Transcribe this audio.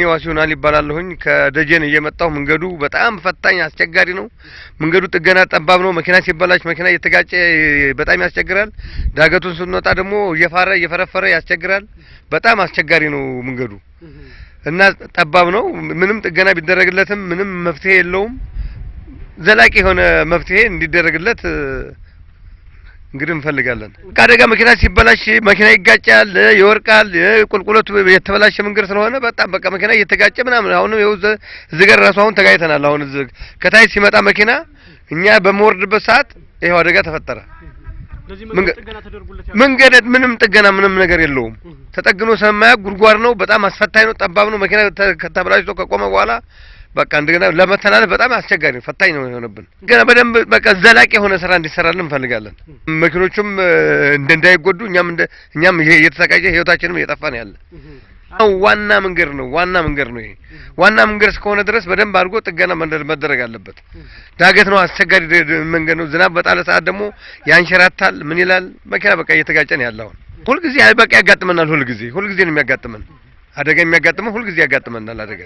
እኔ ዋሲሁን ይሆናል ይባላለሁኝ። ከደጀን እየመጣሁ መንገዱ በጣም ፈታኝ አስቸጋሪ ነው። መንገዱ ጥገና ጠባብ ነው። መኪና ሲበላሽ መኪና እየተጋጨ በጣም ያስቸግራል። ዳገቱን ስንወጣ ደግሞ እየፋረ እየፈረፈረ ያስቸግራል። በጣም አስቸጋሪ ነው መንገዱ እና ጠባብ ነው። ምንም ጥገና ቢደረግለትም ምንም መፍትሄ የለውም። ዘላቂ የሆነ መፍትሄ እንዲደረግለት እንግዲህ እንፈልጋለን። አደጋ መኪና ሲበላሽ መኪና ይጋጫል፣ ይወርቃል። ቁልቁለቱ የተበላሸ መንገድ ስለሆነ በጣም በቃ መኪና እየተጋጨ ምናምን አሁንም ይኸው እዚህ ጋር ራሱ አሁን ተጋይተናል። አሁን እዚህ ከታይ ሲመጣ መኪና እኛ በምወርድበት ሰዓት ይኸው አደጋ ተፈጠረ። መንገድ ምንም ጥገና ምንም ነገር የለውም። ተጠግኖ ሰማያ ጉድጓድ ነው። በጣም አስፈታኝ ነው። ጠባብ ነው። መኪና ተበላሽቶ ከቆመ በኋላ በቃ እንደገና ለመተላለፍ በጣም አስቸጋሪ ነው፣ ፈታኝ ነው የሆነብን። ገና በደንብ በቃ ዘላቂ የሆነ ስራ እንዲሰራልን እንፈልጋለን። መኪኖቹም እንዳይጎዱ እኛም እኛም እየተሰቃየ ህይወታችንም እየጠፋ ነው ያለ። ዋና መንገድ ነው ዋና መንገድ ነው ይሄ ዋና መንገድ እስከሆነ ድረስ በደንብ አድርጎ ጥገና መደረግ አለበት። ዳገት ነው፣ አስቸጋሪ መንገድ ነው። ዝናብ በጣለ ሰዓት ደግሞ ያንሸራታል። ምን ይላል መኪና በቃ እየተጋጨን ያለ አሁን ሁልጊዜ በቃ ያጋጥመናል። ሁልጊዜ ሁልጊዜ ነው የሚያጋጥመን አደጋ የሚያጋጥመን ሁልጊዜ ያጋጥመናል አደጋ